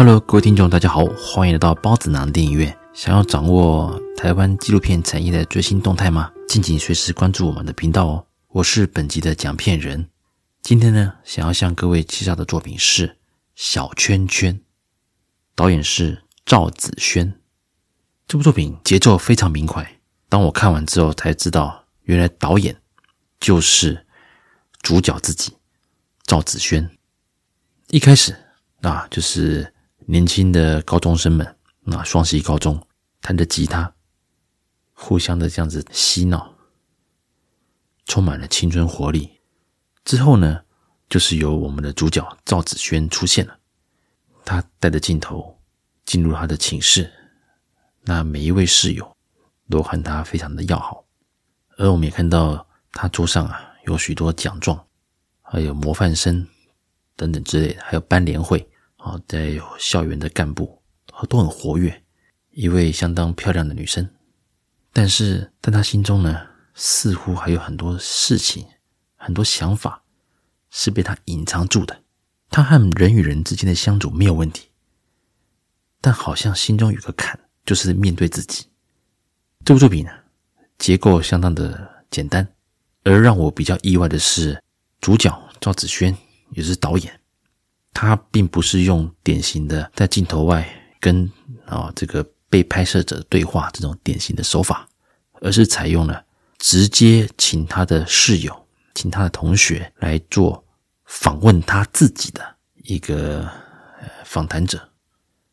Hello，各位聽眾，大家好，歡迎來到孢子囊電影院。想要掌握台灣紀錄片產業的最新動態嗎？敬請隨時關注我們的頻道哦。我是本集的講片人，今天呢，想要向各位介紹的作品是《小圈圈》，導演是趙子軒。這部作品節奏非常明快。當我看完之後才知道，原來導演就是主角自己，趙子軒。一開始啊，那就是。年輕的高中生們，那、啊、雙十一高中彈着吉他，互相的這樣子嬉鬧，充滿了青春活力。之後呢，就是由我們的主角趙子軒出現了，他帶着鏡頭進入他的寢室，那每一位室友都和他非常的要好，而我們也看到他桌上啊有許多獎狀，還有模範生等等之類的，還有班聯會。好，在有校園的幹部，好都很活躍。一位相當漂亮的女生，但是，在她心中呢，似乎還有很多事情、很多想法是被她隱藏住的。她和人與人之間的相處沒有問題，但好像心中有個坎，就是面對自己。這部作品呢，結構相當的簡單，而讓我比較意外的是，主角趙子軒也是導演。他並不是用典型的在鏡頭外跟啊這個被拍攝者對話這種典型的手法，而是採用了直接請他的室友、請他的同學來做訪問他自己的一個訪談者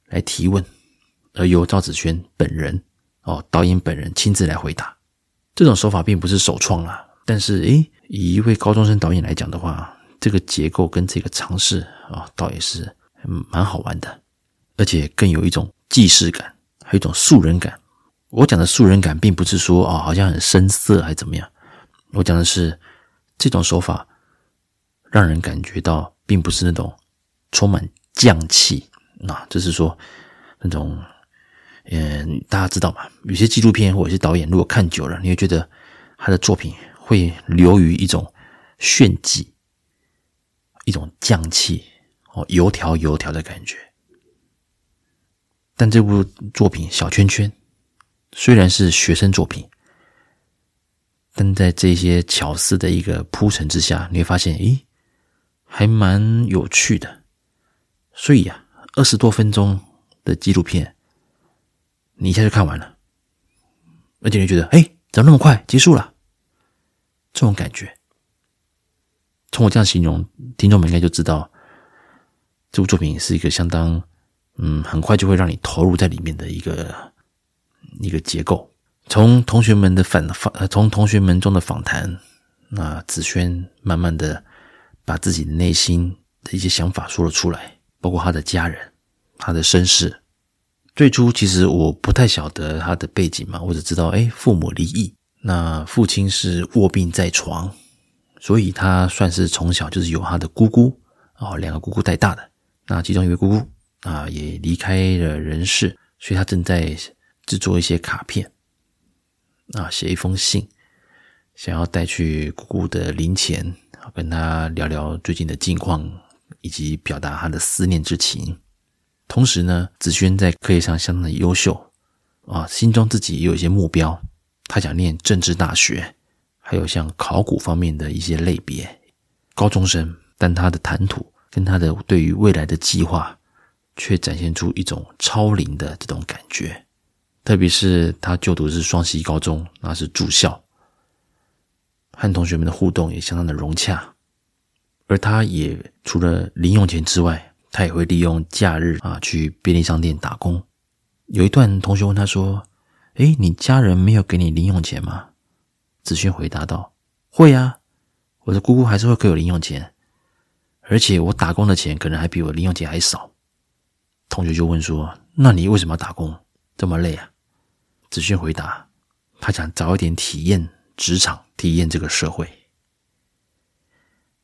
來提問，而由趙子軒本人哦，導演本人親自來回答。這種手法並不是首創啦，但是誒、欸，以一位高中生導演來講的話。這個結構跟這個嘗試啊、哦，倒也是蠻好玩的，而且更有一種即視感，還有一種素人感。我講的素人感，並不是說啊、哦，好像很生澀還是怎麼樣。我講的是這種手法，讓人感覺到並不是那種充滿匠氣啊，就是說那種嗯，大家知道嘛，有些紀錄片或者一些導演，如果看久了，你會覺得他的作品會流於一種炫技。一種匠氣，哦，油條油條的感覺。但這部作品《小圈圈》，雖然是學生作品，但在這些巧思的一個鋪陳之下，你會發現，咦，還蠻有趣的。所以啊，二十多分鐘的紀錄片，你一下就看完了，而且你覺得，哎、欸，怎麼那麼快結束了？這種感覺。從我這樣形容，聽眾們應該就知道，這部作品是一個相當，嗯，很快就會讓你投入在裡面的一個一個結構。從同學們的反，訪，從同學們中的訪談，那子軒慢慢的把自己的內心的一些想法說了出來，包括他的家人、他的身世。最初其實我不太曉得他的背景嘛，我只知道，哎，父母離異，那父親是臥病在床。所以，他算是從小就是由他的姑姑啊，兩個姑姑帶大的。那其中一位姑姑啊，也離開了人世，所以，他正在製作一些卡片啊，寫一封信，想要帶去姑姑的靈前，跟他聊聊最近的近況，以及表達他的思念之情。同時呢，子軒在課業上相當的優秀啊，心中自己也有一些目標，他想念政治大學。還有像考古方面的一些類別，高中生，但他的談吐跟他的對於未來的計劃，卻展現出一種超齡的這種感覺。特別是他就讀的是雙溪高中，那是住校，和同學們的互動也相當的融洽。而他也除了零用錢之外，他也會利用假日啊去便利商店打工。有一段同學問他說：“哎，你家人沒有給你零用錢嗎？”子軒回答道：“會啊，我的姑姑還是會給我零用錢，而且我打工的錢可能還比我零用錢還少。”同學就問說：“那你為什麼要打工，這麼累啊？”子軒回答：“他想早一點體驗職場，體驗這個社會。”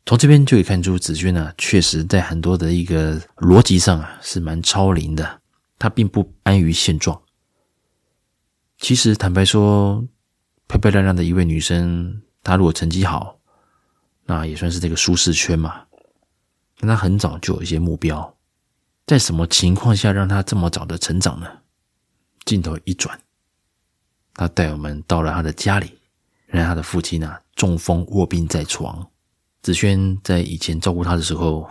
從這邊就可以看出，子軒呢，啊，確實在很多的一個邏輯上啊，是蠻超齡的。他並不安於現狀。其實，坦白說。漂漂亮亮的一位女生，她如果成績好，那也算是這個舒適圈嘛。但她很早就有一些目標，在什麼情況下讓她這麼早的成長呢？鏡頭一轉，他帶我們到了他的家裡，原來他的父親啊中風臥病在床。子萱在以前照顧他的時候，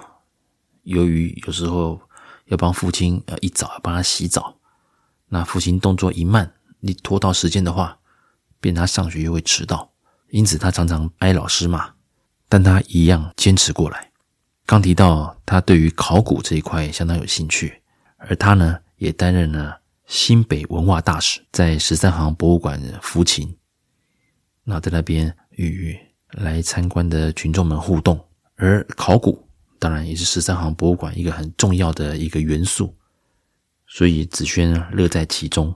由於有時候要幫父親要一早幫他洗澡，那父親動作一慢，一拖到時間的話。便他上學又會遲到，因此他常常挨老師罵，但他一樣堅持過來。剛提到他對於考古這一塊相當有興趣，而他呢，也擔任了新北文化大使，在十三行博物館服勤。那在那邊與來參觀的群眾們互動，而考古當然也是十三行博物館一個很重要的一個元素，所以子軒樂在其中，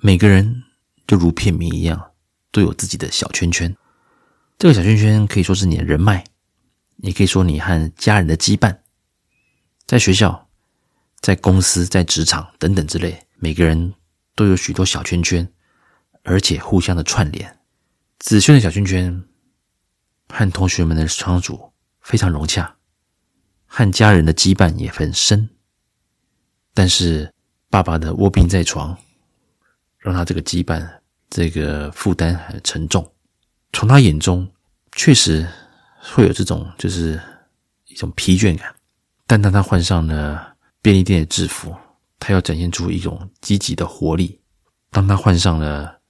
每個人。就如片名一樣，都有自己的小圈圈。這個小圈圈可以說是你的人脈，也可以說你和家人的羈絆。在學校、在公司、在職場等等之類，每個人都有許多小圈圈，而且互相的串聯。子軒的小圈圈和同學們的相處非常融洽，和家人的羈絆也很深。但是爸爸的臥病在床。讓他這個羈絆、這個負擔很沉重，從他眼中確實會有這種就是一種疲倦感。但當他換上了便利店的制服，他要展現出一種積極的活力；當他換上了，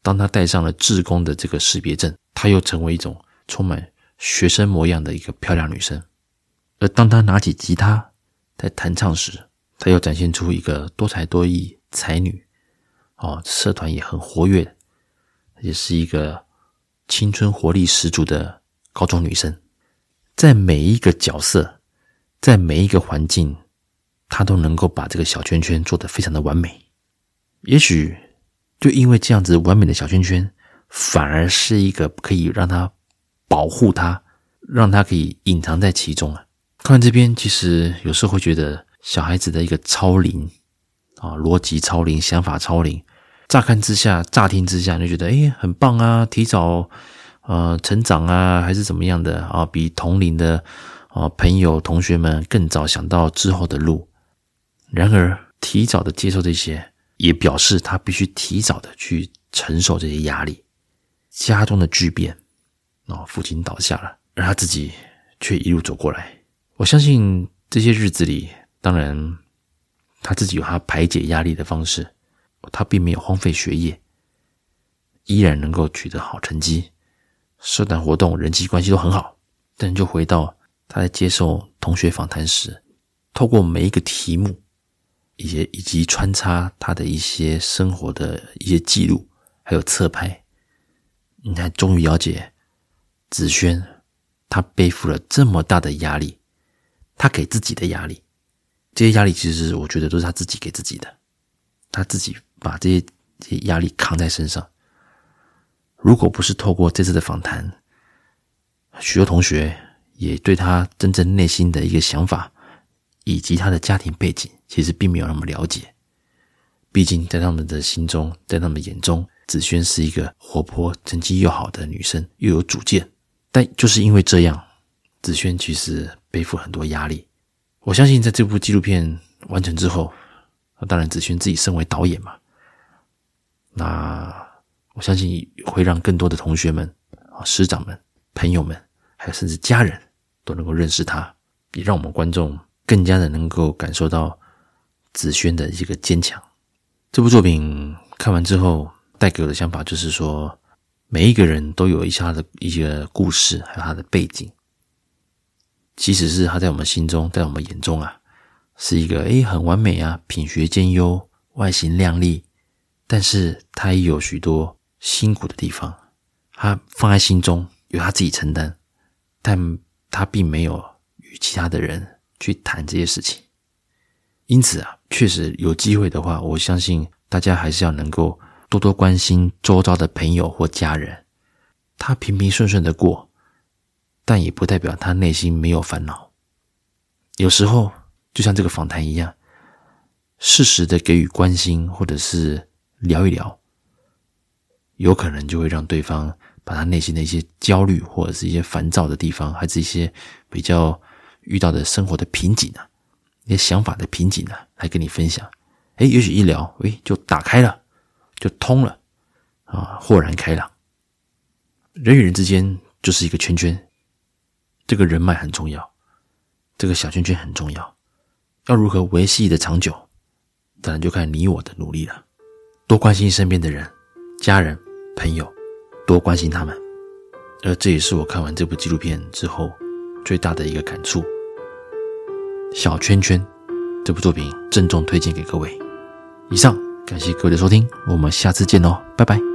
當他戴上了志工的這個識別證，他又成為一種充滿學生模樣的一個漂亮女生。而當他拿起吉他在彈唱時，他又展現出一個多才多藝才女。哦，社團也很活躍，也是一個青春活力十足的高中女生，在每一個角色，在每一個環境，她都能夠把這個小圈圈做得非常的完美。也許就因為這樣子完美的小圈圈，反而是一個可以讓她保護她，讓她可以隱藏在其中啊。看看這邊，其實有時候會覺得小孩子的一個超齡。啊，邏輯超齡，想法超齡。乍看之下，乍聽之下，你就覺得哎，很棒啊！提早呃成長啊，還是怎麼樣的啊？比同齡的啊朋友、同學們更早想到之後的路。然而，提早的接受這些，也表示他必須提早的去承受這些壓力。家中的巨變，啊、哦，父親倒下了，而他自己卻一路走過來。我相信這些日子裡，當然。他自己有他排解壓力的方式，他並沒有荒廢學業，依然能夠取得好成績，社團活動、人際關係都很好。但就回到他在接受同學訪談時，透過每一個題目，以及以及穿插他的一些生活的一些記錄，還有側拍，你看，終於了解子軒，他背負了這麼大的壓力，他給自己的壓力。這些壓力其實，我覺得都是他自己給自己的，他自己把這些這些壓力扛在身上。如果不是透過這次的訪談，許多同學也對他真正內心的一個想法，以及他的家庭背景，其實並沒有那麼了解。畢竟在他們的心中，在他們眼中，子萱是一個活潑、成績又好的女生，又有主見。但就是因為這樣，子萱其實背負很多壓力。我相信，在這部紀錄片完成之後，當然子軒自己身為導演嘛，那我相信會讓更多的同學們、啊師長們、朋友們，還有甚至家人都能夠認識他，也讓我們觀眾更加的能夠感受到子軒的一個堅強。這部作品看完之後，帶給我的想法就是說，每一個人都有一些他的一個故事，還有他的背景。即使是他在我們心中，在我們眼中啊，是一個誒，很完美啊，品學兼優，外形靚麗，但是他也有許多辛苦的地方，他放在心中，由他自己承擔，但他並沒有與其他的人去談這些事情，因此啊，確實有機會的話，我相信大家還是要能夠多多關心周遭的朋友或家人，他平平順順的過。但也不代表他內心沒有煩惱。有時候，就像這個訪談一樣，適時的給予關心，或者是聊一聊，有可能就會讓對方把他內心的一些焦慮，或者是一些煩躁的地方，還是一些比較遇到的生活的瓶頸啊，一些想法的瓶頸啊，來跟你分享。哎，也許一聊，誒，就打開了，就通了，啊，豁然開朗。人與人之間就是一個圈圈。這個人脈很重要，這個小圈圈很重要，要如何維繫的長久，當然就看你我的努力了。多關心身邊的人、家人、朋友，多關心他們。而這也是我看完這部紀錄片之後最大的一個感觸。《小圈圈》這部作品鄭重推薦給各位。以上，感謝各位的收聽，我們下次見嘍，拜拜。